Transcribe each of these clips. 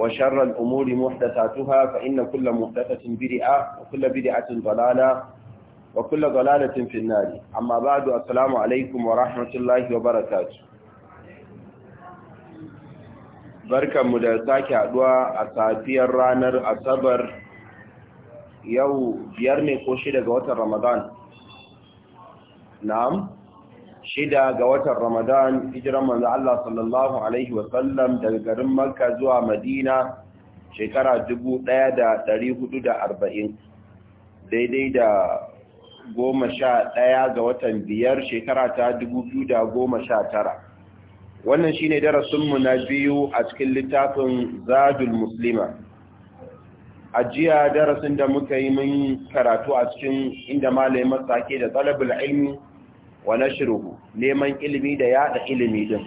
وشر الأمور محدثاتها فإن كل محدثة بدعة وكل بدعة ضلالة وكل ضلالة في النار أما بعد السلام عليكم ورحمة الله وبركاته بركة مدرساك أدواء أساتي الرانر أصبر يو بيرني قوشي لغوة رمضان نعم shida ga watan Ramadan hijiran manzo Allah sallallahu alaihi wa daga garin Makka zuwa Madina shekara 1440 daidai da goma sha ɗaya ga watan biyar shekara ta 2019 wannan shine darasinmu na biyu a cikin littafin Zadul Muslima a jiya darasin da muka yi mun karatu a cikin inda malamin da talabul ilmi wa nashruhu neman ilimi da yada ilimi din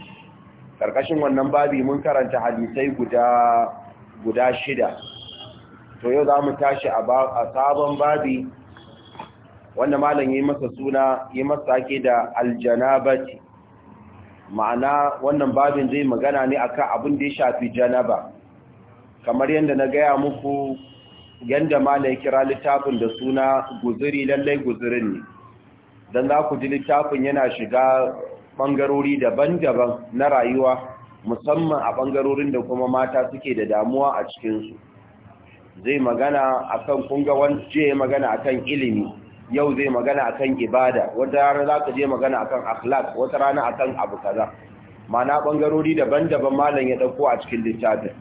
karkashin wannan babi mun karanta hadisai guda guda shida to yau za mu tashi a sabon babi wanda malam yi masa suna yi masa ake da aljanabati ma'ana wannan babin zai magana ne akan abin da ya shafi janaba kamar yadda na gaya muku yadda malam ya kira littafin da suna guzuri lallai guzurin ne don za ku ji littafin yana shiga ɓangarori daban-daban na rayuwa musamman a ɓangarorin da kuma mata suke da damuwa a cikinsu zai magana a kan je magana a ilimi yau zai magana a ibada wata rana za ka je magana a kan akhlaq wata rana a abu kaza mana ɓangarori daban-daban malam ya ɗauko a cikin littafin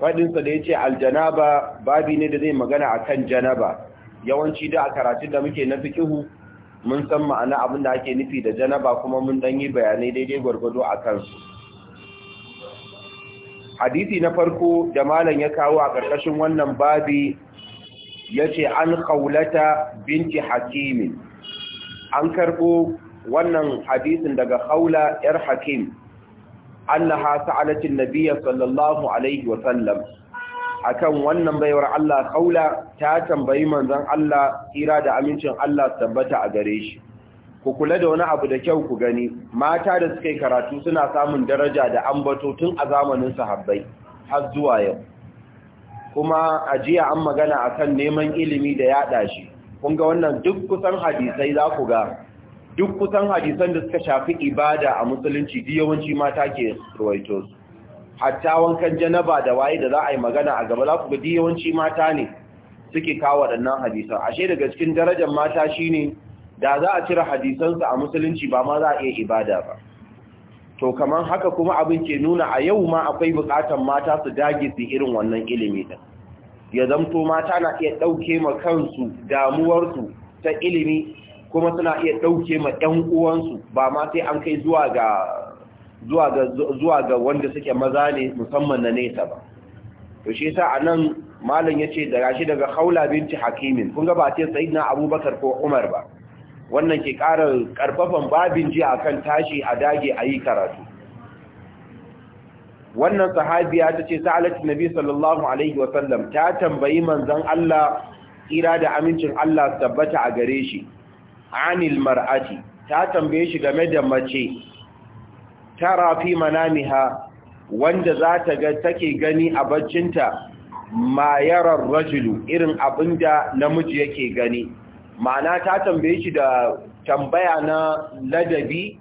faɗinsa da ya ce aljanaba babi ne da zai magana a kan janaba yawanci da a karatun da muke na fikihu mun san ma'ana abin da ake nufi da janaba kuma mun yi bayanai daidai gwargwado a kansu hadisi na farko da malam ya kawo a ƙarƙashin wannan babi ya ce an kaulata binti hakimin an karɓo wannan hadisin daga haula 'yar hakim أنها سألت nabiyya sallallahu alaihi wa sallam akan wannan baiwar Allah kaula ta tambayi manzon Allah tsira da amincin Allah tabbata a gare shi ku kula da wani abu da kyau ku gani mata da suka yi karatu suna samun daraja da ambato tun a zamanin sahabbai har zuwa yau kuma a jiya an magana akan neman ilimi da yada shi kun ga wannan duk kusan hadisai za ku ga duk kusan hadisan da suka shafi ibada a musulunci duk yawanci mata ke ruwaito su hatta wankan janaba da waye da za a yi magana a gaba za ku ga duk yawanci mata ne suke kawo waɗannan hadisan ashe daga cikin darajar mata shine da za a cire hadisansu a musulunci ba ma za a iya ibada ba to kamar haka kuma abin ke nuna a yau ma akwai buƙatar mata su dage su irin wannan ilimi din ya zamto mata na iya ɗauke ma kansu damuwarsu ta ilimi kuma suna iya ɗauke ma ɗan uwansu ba ma sai an kai zuwa ga wanda suke maza ne musamman na nesa ba to shi yasa anan malam yace da gashi daga haula binti Hakimin kun ga ba sai Sayyidina Abubakar ko Umar ba wannan ke ƙara karfafan babin ji akan tashi a dage ayi karatu wannan sahabiya tace sa'alat Nabi sallallahu alaihi wa sallam ta tambayi manzon Allah tsira da amincin Allah tabbata a gare shi anil mar'ati ta tambaye shi game da mace tara fi manamiha wanda za ta ga take gani a baccinta ma yarar rajulu irin abinda namiji yake gani ma'ana ta tambaye shi da tambaya na ladabi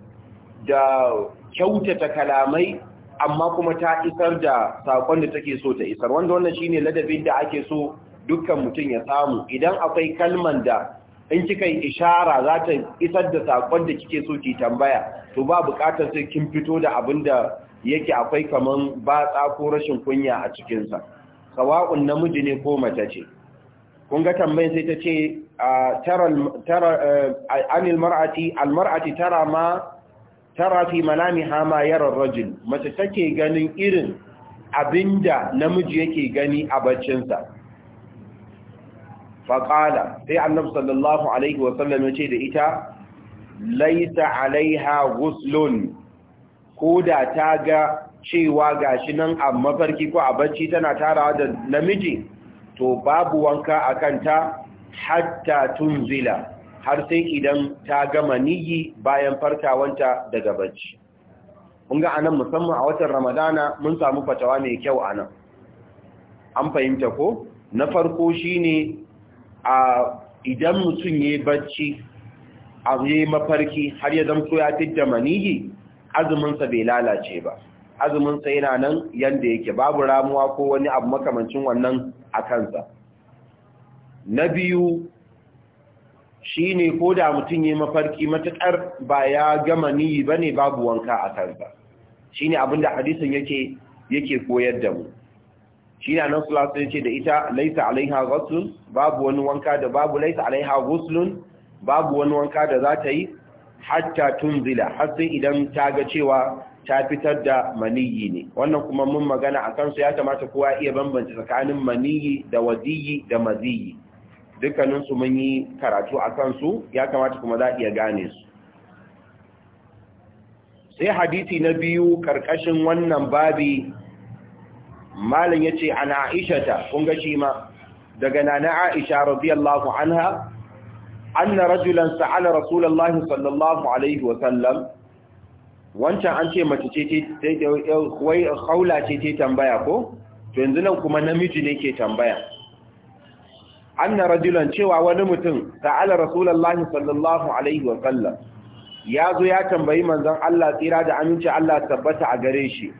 da kyautata kalamai amma kuma ta isar da sakon da take so ta isar wanda wannan shine ladabin da ake so dukkan mutum ya samu idan akwai kalman da in kika yi ishara za ta isar da sakon da kike so ki tambaya to ba bukatar sai kin fito da abin da yake akwai kaman batsa ko rashin kunya a cikinsa. sa sawa'un namiji ne ko mace ce kun ga tambayin sai ta ce tara eh, anil mar'ati al mar'ati tara ma tara fi ha ma rajul mace take ganin irin abinda namiji yake gani a baccinsa faƙala sai annabi sallallahu alaihi wasallam ya ce da ita laisa alaiha guslun ko da ta ga cewa ga shi nan a mafarki ko a bacci tana tarawa da namiji to babu wanka a kanta hatta tun zila, har sai idan ta gama niyi bayan farkawanta daga bacci mun ga anan musamman a watan ramadana mun samu fatawa mai kyau anan an fahimta ko na farko shine a idan mutum ya yi bacci a yi mafarki har ya zamto ya fidda maniyi azuminsa bai lalace ba azuminsa yana nan yadda yake babu ramuwa ko wani abu makamancin wannan a kansa na biyu shi ne ko da mutum ya yi mafarki matuƙar ba ya gama niyi ba ne babu wanka a kansa shi ne abinda hadisin yake koyar da mu shi na nan sulasa ce da ita laisa alaiha ghuslun babu wani wanka da babu laisa alaiha ghuslun babu wani wanka da za ta yi hatta tunzila har sai idan ta ga cewa ta fitar da maniyi ne wannan kuma mun magana a kansu ya kamata kowa iya bambance tsakanin maniyi da waziyi da maziyi dukkaninsu mun yi karatu a kansu ya kamata kuma za iya gane su sai hadisi na biyu karkashin wannan babi malam yace an aishata kun ga shi ma daga nana aisha radiyallahu anha anna rajulan sa'ala rasulullah sallallahu alaihi wa sallam wancan an ce mace ce ce wai haula ce ce tambaya ko to yanzu nan kuma namiji ne ke tambaya An anna rajulan cewa wani mutum sa'ala rasulullahi sallallahu alaihi wa sallam ya zo ya tambayi manzan Allah tsira da aminci Allah tabbata a gare shi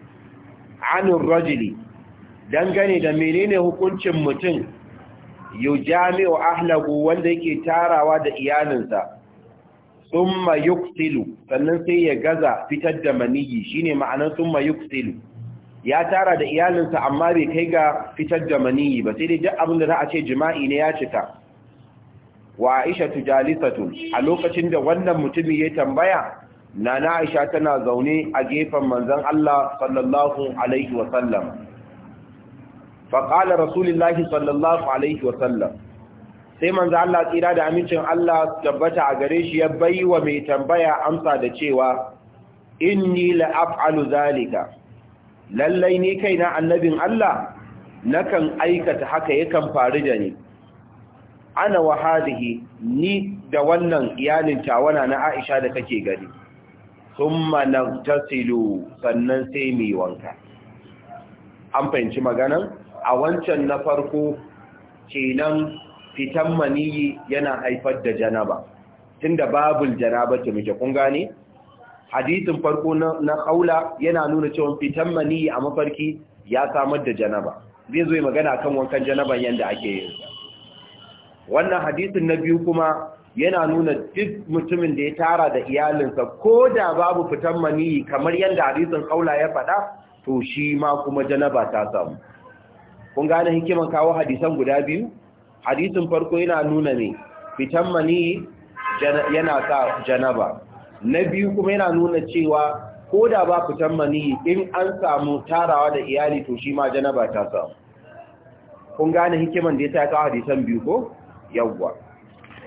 anur rajuli dangane da menene hukuncin mutum yau jami'u ahlahu wanda yake tarawa da iyalinsa summa yuksilu sannan sai ya gaza fitar da maniyi shine ma'anar summa yuksilu ya tara da iyalinsa amma bai kai ga fitar da maniyi ba sai dai duk abin da za a ce jima'i ne ya cika wa Aisha tujalisatu a lokacin da wannan mutumi ya tambaya nana Aisha tana zaune a gefen manzon Allah sallallahu alaihi wasallam faƙala rasulullahi sallallahu alaihi wasallam sai manzo Allah tsira da amincin Allah tabbata a gare shi ya baiwa mai tambaya amsa da cewa inni nila af'alu zalika lallai ni na annabin Allah nakan aikata haka yakan faru da ni ana wa hadihi ni da wannan iyalin tawana na Aisha da kake gani nan tasilu sannan sai mu wanka an fahimci maganan a wancan na farko kenan fitan maniyi yana haifar da janaba tunda babul janaba ta muke kun gane hadisin farko na kaula yana nuna cewa fitan maniyi a mafarki ya samar da janaba zai zo magana kan wankan janaban yanda ake yin wannan hadisin na biyu kuma yana nuna duk mutumin da ya tara da iyalinsa ko da babu fitan maniyi kamar yadda hadisin kaula ya faɗa to shi ma kuma janaba ta samu kun gane hikiman kawo hadisan guda biyu hadisin farko yana nuna ne fitan mani yana sa janaba na biyu kuma yana nuna cewa ko da ba fitan mani in an samu tarawa da iyali to shi ma janaba ta samu kun gane hikiman da ya sa kawo hadisan biyu ko yawwa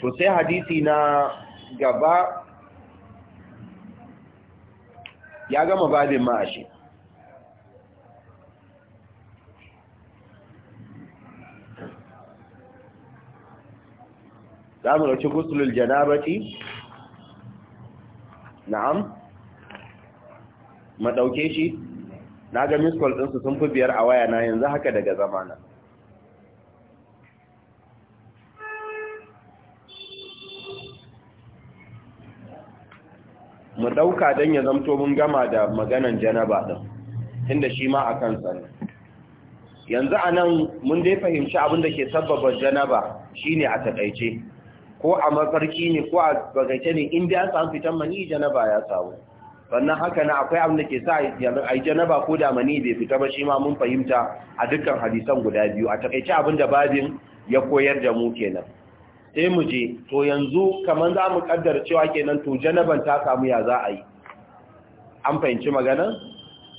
to sai hadisi na gaba ya gama babin ma'ashi za mu ɗauki gusulul janabati na'am maɗauke shi na ga miskol ɗinsu sun fi biyar a waya na yanzu haka daga zamana mu ɗauka don ya zamto mun gama da maganan janaba ɗin inda shi ma a kansa ne yanzu a nan mun dai fahimci abinda ke sabbaba janaba shine a taƙaice ko a mafarki ne ko a bagaice ne in biya an samu fitan mani janaba ya samu sannan haka na akwai abin da ke sa a yi janaba ko da mani bai fita ba shi ma mun fahimta a dukkan hadisan guda biyu a takaice abin da babin ya koyar da mu kenan sai mu je to yanzu kamar za mu kaddara cewa kenan to janaban ta samu ya za a yi an fahimci magana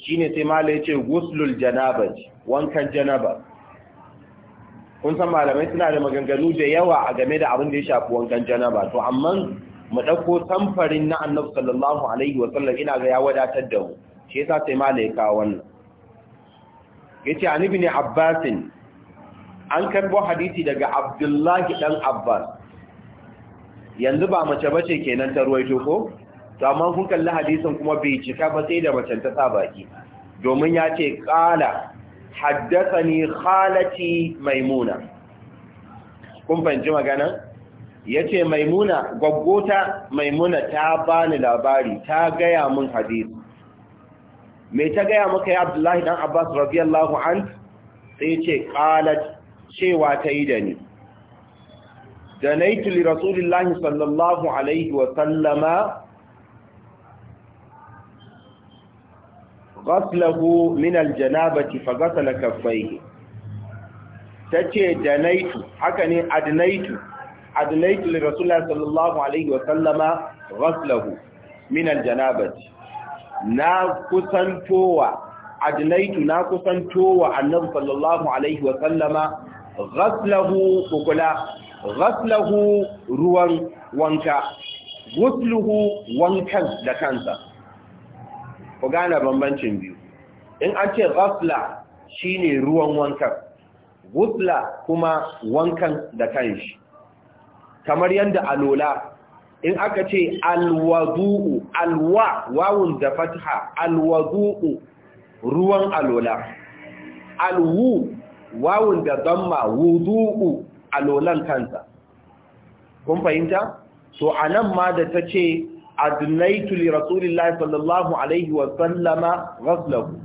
shine sai mala ya ce guslul janaba wankan janaba kun san malamai suna da maganganu da yawa a game da abin da ya shafi wankan janaba to amma mu ɗauko tamfarin na annabi sallallahu alaihi wa sallam ina ga ya wadatar da mu shi yasa sai malai ka wannan yace an ibn abbas an karbo hadisi daga abdullahi dan abbas yanzu ba mace bace kenan ta ruwaito ko to amma kun kalli hadisin kuma bai cika ba sai da mace ta sa baki domin ya ce kala ni khalati maimuna kun fahimci magana Ya ce maimuna gwaggota maimuna ta bani labari ta gaya mun hadisi me ta gaya maka yi Abdullahi dan Abbas radiyallahu an sai ce qalat cewa ta yi da ni Da danaitu li rasulillahi sallallahu alaihi Wasallama. غسله من الجنابة فغسل كفيه تجي دنيت حكني أدنيت أدنيت لرسول الله صلى الله عليه وسلم غسله من الجنابة ناكسن توى أدنيت ناكسن توى النبي صلى الله عليه وسلم غسله وكلا غسله روان وانكا غسله وانكا لكانسا ku gane bambancin biyu in an ce ghafla shine ruwan wankan ghusla kuma wankan da kanshi kamar yadda alola in aka ce alwadu'u alwa wawun da fatha alwadu'u ruwan alola alwu wawun da damma wudu'u alolan kansa kun fahimta to anan ma da ta ce adnaitu li rasulillahi sallallahu alaihi wa sallama ghaslahu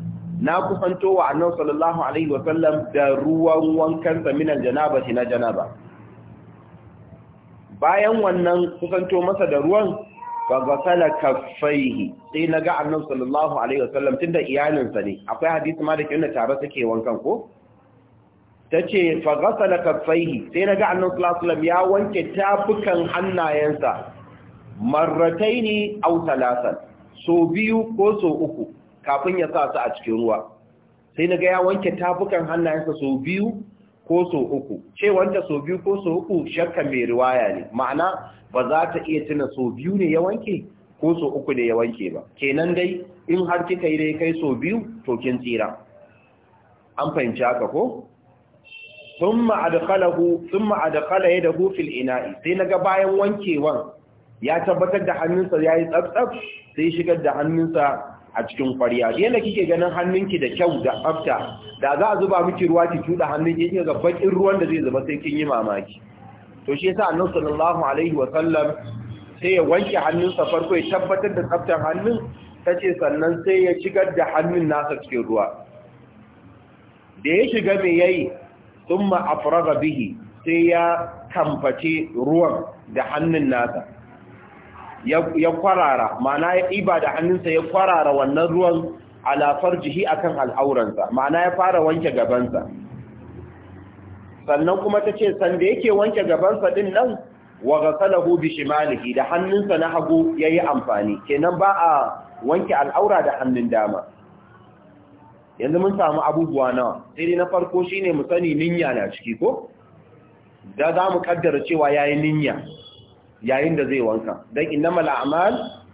na kusanto wa annabi sallallahu alaihi wa sallam da ruwan wankan sa min aljanaba na janaba bayan wannan kusanto masa da ruwan fa ghasala kaffaihi sai naga annabi sallallahu alaihi wa sallam tunda iyalinsa ne akwai hadisi ma da ke nuna tare suke wankan ko ta ce fagasala kafaihi sai na ga annan sallam, ya wanke tafukan hannayensa marrataini aw thalathan so biyu ko so uku kafin ya sa su a cikin ruwa sai naga ya wanke tafukan hannayensa so biyu ko so uku ce wanta so biyu ko so uku shakka mai riwaya ne ma'ana ba za ta iya tuna so biyu ne ya wanke ko so uku ne ya wanke ba kenan dai in har kika yi dai kai so biyu to kin tsira an fahimci haka ko thumma adkhalahu thumma adkhala yadahu fil ina'i sai naga bayan wankewan ya tabbatar da hannunsa ya yi tsaf-tsaf sai shigar da hannunsa a cikin kwariya yadda kike ganin hannunki da kyau da tsafta da za a zuba miki ruwa ki tuda hannunki kike ga bakin ruwan da zai zuba sai kin yi mamaki to shi yasa annabi sallallahu alaihi wa sallam sai ya wanke hannunsa farko ya tabbatar da tsaftar hannun tace sannan sai ya shigar da hannun nasa cikin ruwa da ya shiga me yayi thumma afraga bihi sai ya kamface ruwan da hannun nasa ya kwarara ma'ana ya ɗiba da hannunsa ya kwarara wannan ruwan alafar jihi akan al'auransa ma'ana ya fara wanke gabansa sannan kuma ta ce sanda yake wanke gabansa ɗin nan wa ghasalahu bi shimalihi da hannunsa na hagu ya yi amfani kenan ba a wanke al'aura da hannun dama yanzu mun samu abubuwa nawa sai dai na farko shine mu sani ninya na ciki ko da za mu kaddara cewa yayi ninya yayin da zai wanka don innamal a'mal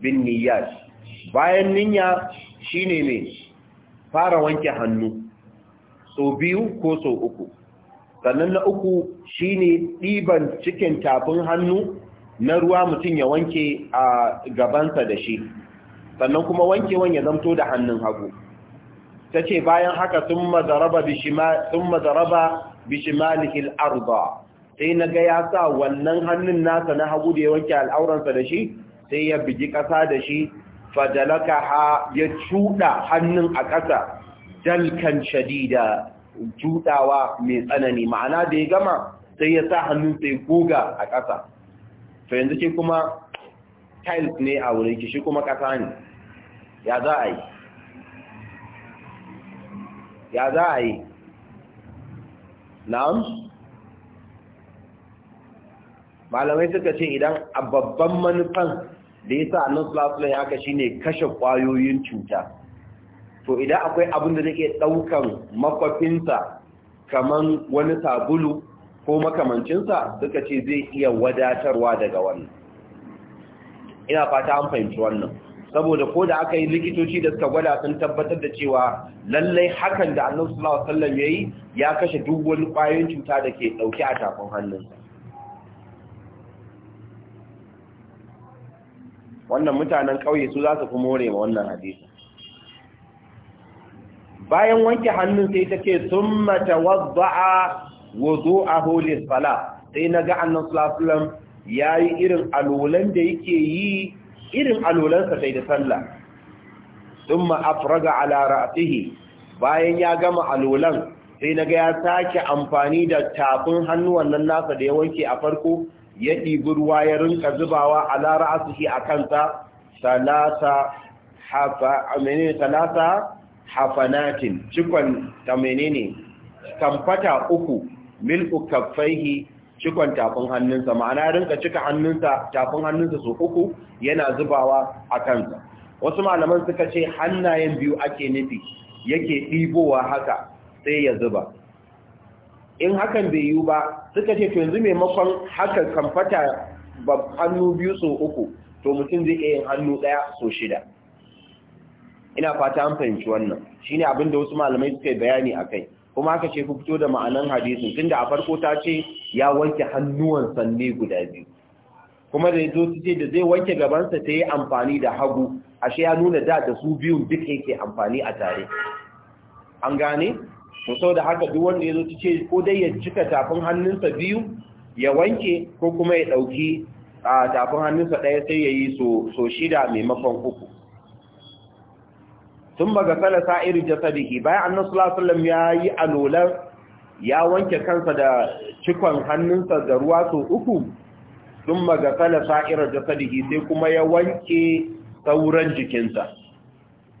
bin niyyat bayan niyya shine ne fara wanke hannu so biyu ko so uku sannan na uku shine ɗiban cikin tafin hannu na ruwa mutum ya wanke a gabansa da shi sannan kuma wankewan ya zamto da hannun hagu ta ce bayan haka sun mazaraba bishimalihil arda sai na ga ya sa wannan hannun nasa na hagu da ya wanke al'auransa da shi sai ya bigi ƙasa da shi fadalaka ha ya cuɗa hannun a ƙasa dalkan shadida cuɗawa mai tsanani ma'ana da ya gama sai ya sa hannun sai goga a ƙasa to yanzu ce kuma tiles ne a wurin ki shi kuma ƙasa ne ya za a yi ya za a yi na'am malamai suka ce idan a babban manufan da ya sa annan sulasula ya haka shine kashe kwayoyin cuta to idan akwai abin da zai ɗaukan makwafinsa kaman wani sabulu ko makamancinsa suka ce zai iya wadatarwa daga wannan ina fata an fahimci wannan saboda ko da aka yi likitoci da suka gwada sun tabbatar da cewa lallai hakan da annabi sallallahu alaihi wasallam yayi ya kashe duk wani ƙwayoyin cuta da ke dauke a tafin hannunsa wannan mutanen ƙauye su za su fi more ma wannan hadisi bayan wanke hannun sai ta ce sun mata wadda'a wuzo a holy sala sai na ga annan sulasulam ya yi irin alolan da yake yi irin alolansa sai da sallah sun afraga ala ra'atihi bayan ya gama alolan sai na ga ya sake amfani da tafin hannuwan nan nasa da ya wanke a farko ya ɗibi ruwa ya rinka zubawa a lara asuhi a kansa talata hafanatin cikon ta ne kamfata uku milku kaffaihi cikon tafin hannunsa ma'ana rinka cika hannunsa tafin hannunsa su uku yana zubawa a kansa wasu malaman suka ce hannayen biyu ake nufi yake ɗibowa haka sai ya zuba in hakan bai yiwu ba suka ce to yanzu maimakon haka kamfata hannu biyu so uku to mutum zai iya yin hannu ɗaya so shida ina fata an fahimci wannan shine abin da wasu malamai suka yi bayani a kai kuma aka ce ku fito da ma'anan hadisin tunda a farko ta ce ya wanke hannuwan sanne guda biyu kuma da zo su ce da zai wanke gabansa ta yi amfani da hagu ashe ya nuna da da su biyun duk yake amfani a tare an gane to sau da haka duk wanda ya zo ta ko dai ya cika tafin hannunsa biyu ya wanke ko kuma ya ɗauki a tafin hannunsa ɗaya sai ya yi so shida maimakon uku sun baga sala sa'iri jasadihi bayan annan sulasullam ya yi alolan ya wanke kansa da cikon hannunsa da ruwa so uku sun baga sala sa'irar jasadihi sai kuma ya wanke sauran jikinsa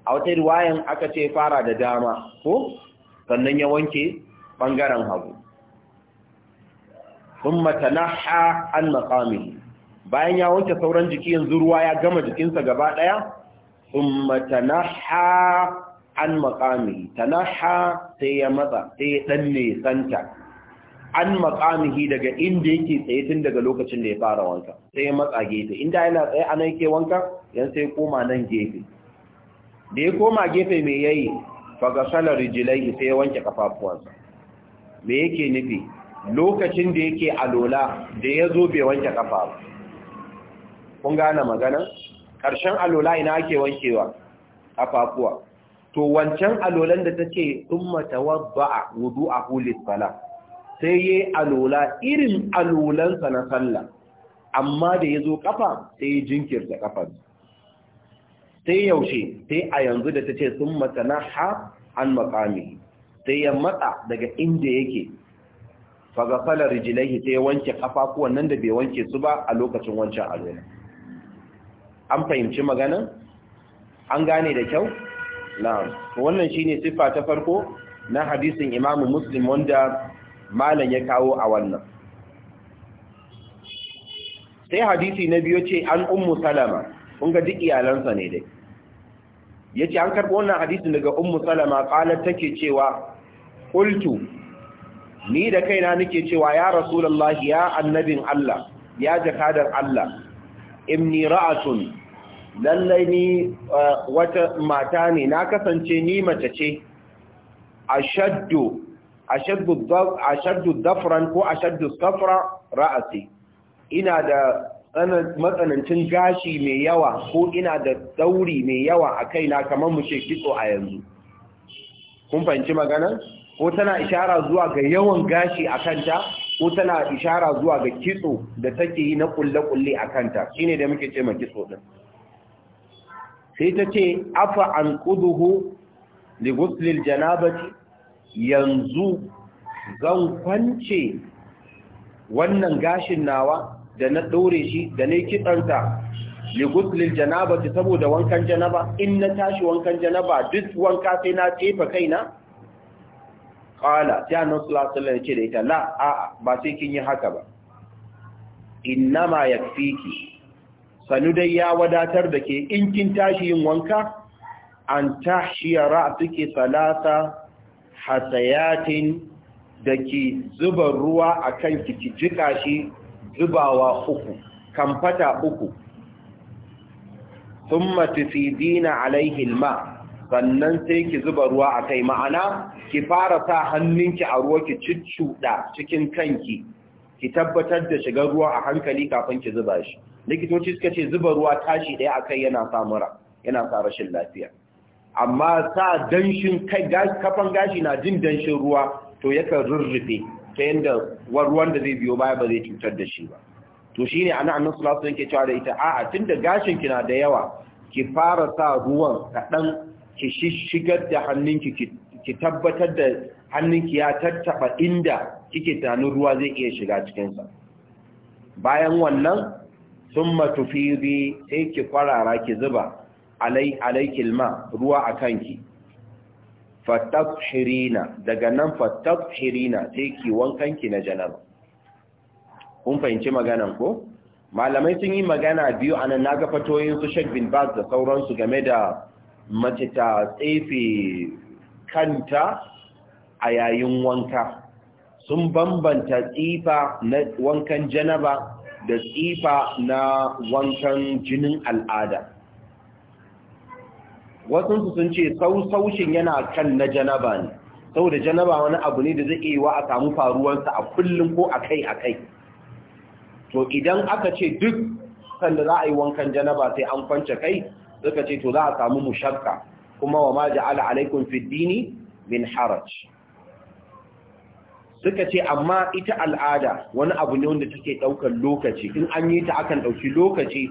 a wata riwayan aka ce fara da dama ko sannan ya wanke ɓangaren hagu sun matanaha an matsami bayan ya wanke sauran jiki yanzu ruwa ya gama jikinsa gaba ɗaya sun matanaha an matsami tanaha sai ya matsa sai ya ɗan nesanta an matsamihi daga inda yake tsaye tun daga lokacin da ya fara wanka sai ya matsa gefe inda yana tsaye ana yake wanka yan sai koma nan gefe da ya koma gefe mai yayi fagasalar rijilai sai ya wanke kafafuwansa me yake nufi lokacin da yake alola da ya zo bai wanke kafa kun gane magana ƙarshen alola ina ake wankewa kafafuwa to wancan alolan da ta ce sun a wudu a hulis bala sai yi alola irin alolansa na sallah amma da ya zo kafa sai ya jinkirta kafansa sai yaushe sai a yanzu da ta ce sun na ha an makami sai ya matsa daga inda yake fagafalar rijilaihi sai ya wanke kafafuwan nan da bai wanke su ba a lokacin wancan alwala an fahimci maganan an gane da kyau na'am wannan shine siffa ta farko na hadisin imamu Muslim wanda malam ya kawo a wannan sai hadisi na biyo ce an ummu salama kun ga duk iyalansa ne dai ce an karɓo wannan hadisin daga ummu salama qalat take cewa qultu ni da kaina nake cewa ya rasulullahi ya annabin Allah ya jakadar Allah imni ra'atun lallai ni eh, wata mata ne na kasance ni mace ce ashaddu ashaddu dafran ko ashaddu safra ra'asi ina da matsanancin gashi mai yawa ko ina da tsauri mai yawa a kaina kamar mu ce kitso a yanzu kun fahimci magana ko tana ishara zuwa ga yawan gashi a kanta ko tana ishara zuwa ga kitso da take yi na kulle-kulle a kanta shine da muke ce ma kitso din sai ta ce afa an kuduhu li guslil janabati yanzu zan kwance wannan gashin nawa da na ɗore shi da na yi kitsanta liguslil janaba ta saboda wankan janaba in na tashi wankan janaba duk wanka sai na tsefa kaina ƙwala ta yana sulasulun ce da ita la a ba sai kin yi haka ba nama ya fi ki, sanu dai ya wadatar da ke in kin tashi yin wanka an tashiya suke salasa hasayatin da ke zuba ruwa a kan ki jika shi zubawa uku kamfata uku thumma tusidina alaihi alma sannan sai ki zuba ruwa akai ma'ana ki fara sa hannunki a ruwa ki ciccuda cikin kanki ki tabbatar da shigar ruwa a hankali kafin ki zuba shi likitoci suka ce zuba ruwa tashi ɗaya akai yana sa yana sa rashin lafiya amma sa danshin kai kafan gashi na jin danshin ruwa to yakan rurrufe ta yanda ruwan da zai biyo baya ba zai cutar da shi ba to shi ne ana annan sallallahu yake cewa da ita a'a tunda gashin ki na da yawa ki fara sa ruwan kaɗan, ki shigar da hannunki ki tabbatar da hannunki ya tattaɓa inda kike tunanin ruwa zai iya shiga cikinsa. bayan wannan summa tufidi sai ki kwarara ki zuba alai alaikil ruwa akan ki fatashirina daga nan Hirina sai ki wankan ki na janaba kun fahimci maganan ko malamai sun yi magana biyu anan naga fatoyin su shek bin Baz da sauransu game da mace ta tsefe kanta a yayin wanka sun bambanta tsifa na wankan janaba da tsifa na wankan jinin al'ada wasu sun ce sausaushin yana kan na janaba ne saboda janaba wani abu ne da zai wa a samu faruwansa a kullum ko a kai a kai to idan aka ce duk sanda za a yi wankan janaba sai an kwance kai suka ce to za a samu mushakka kuma wa ma ja'ala alaikum fiddini min haraj suka ce amma ita al'ada wani abu ne wanda take daukar lokaci in an yi ta akan ɗauki lokaci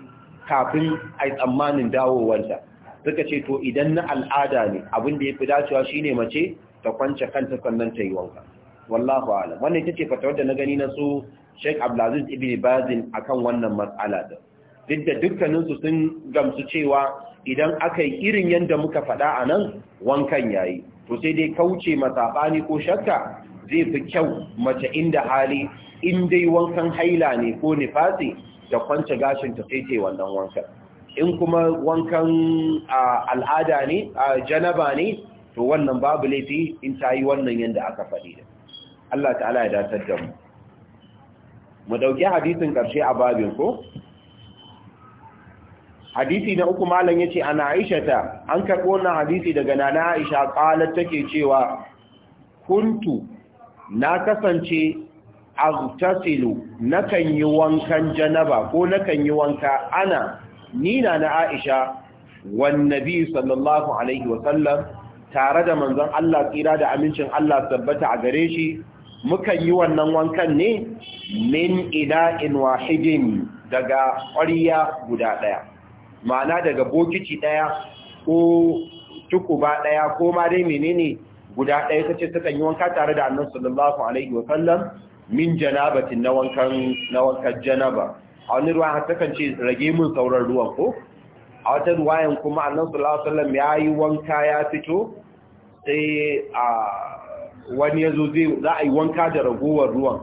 kafin a tsammanin dawowanta suka ce to idan na al'ada ne abin da ya fi dacewa shine mace ta kwance kanta sannan ta yi wanka wallahu ala wannan ita ce fatawar da na gani na su Sheikh Abdulaziz Ibn Bazin a kan wannan matsala da duk da dukkaninsu sun gamsu cewa idan aka yi irin yadda muka faɗa a nan wankan yayi to sai dai kauce matsabani ko shakka zai fi kyau mace inda hali in dai wankan haila ne ko nifasi da kwance gashin ta sai ta wannan wankan in kuma wankan al'ada ne janaba ne to wannan babu laifi in ta yi wannan yadda aka faɗi da Allah ta'ala ya datar da mu mu ɗauki hadisin ƙarshe a babin ko hadisi na uku malam yace ana Aisha ta an karɓo wannan hadisi daga nana Aisha ƙalar take cewa kuntu na kasance a aghtasilu nakan yi wankan janaba ko nakan yi wanka ana Ni na Aisha wan nabi sallallahu alaihi wa sallam tare da manzon Allah tsira da amincin Allah tabbata a gare shi mukan yi wannan wankan ne min ina'in wahidin daga ƙwariya guda ɗaya ma'ana daga bokiti ɗaya ko tukuba ɗaya ko ma dai menene guda ɗaya kace takan yi wanka tare da annan sallallahu alaihi wa sallam min janabatin na wankan janaba a wani ruwa har takan ce rage mun sauran ruwan ko a wata ruwayan kuma annan sallallahu alaihi ya yi wanka ya fito sai a wani ya zo zai za a yi wanka da ragowar ruwan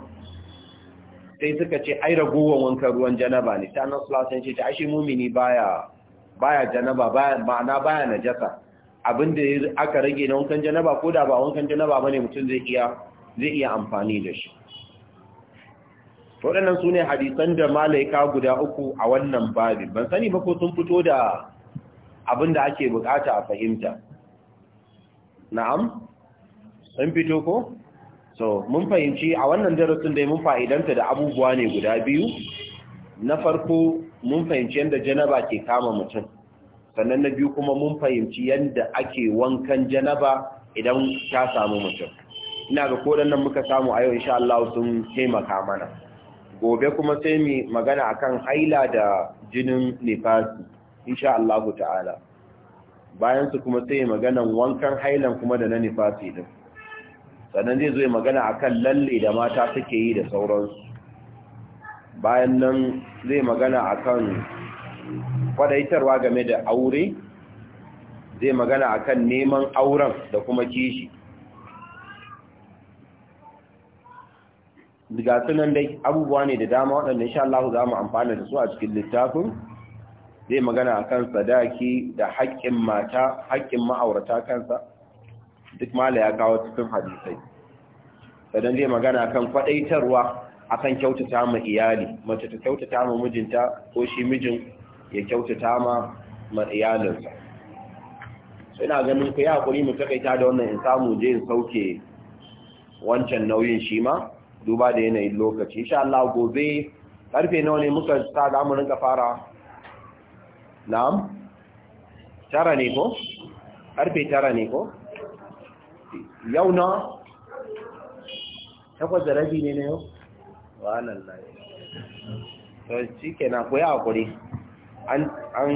sai suka ce ai ragowar wankan ruwan janaba ne ta annan sallallahu alaihi ce ashe mumini baya baya janaba baya ma'ana baya najasa abinda aka rage na wankan janaba ko da ba wankan janaba bane mutum zai iya zai iya amfani da shi waɗannan su ne hadisan da malaika guda uku a wannan babi ban sani ba ko sun fito da abin da ake bukata a fahimta na'am sun fito ko so mun fahimci a wannan darasin dai mun fa'idanta da abubuwa ne guda biyu na farko mun fahimci yadda janaba ke kama mutum sannan na biyu kuma mun fahimci yadda ake wankan janaba idan ta samu mutum ina ga kodannan muka samu a yau insha Allah sun taimaka mana gobe kuma sai mu magana akan haila da jinin nifasi insha Allah ta'ala bayan su kuma sai maganan wankan hailan kuma da na nifasi din sannan zai zo magana akan lalle da mata suke yi da sauransu bayan nan zai magana akan kwadaitarwa game da aure zai magana akan neman auren da kuma kishi daga sunan dai abubuwa ne da dama waɗanda insha Allah za mu amfana da su a cikin littafin zai magana akan sadaki da haƙƙin mata haƙƙin ma'aurata kansa duk mala ya kawo cikin hadisai sadan zai magana akan faɗaitarwa akan kyautata ma iyali mace ta kyautata ma mijinta ko shi mijin ya kyautata ma ma iyalinsa sai na ganin ku yi hakuri mu takaita da wannan in samu je in sauke wancan nauyin shi ma duba da yanayin lokaci insha Allah gobe karfe nawa ne muka sa da mu rinka fara na'am tara ne ko karfe tara ne ko yau na takwas da rabi ne na yau wa'anan lai to shi kenan ku yi hakuri an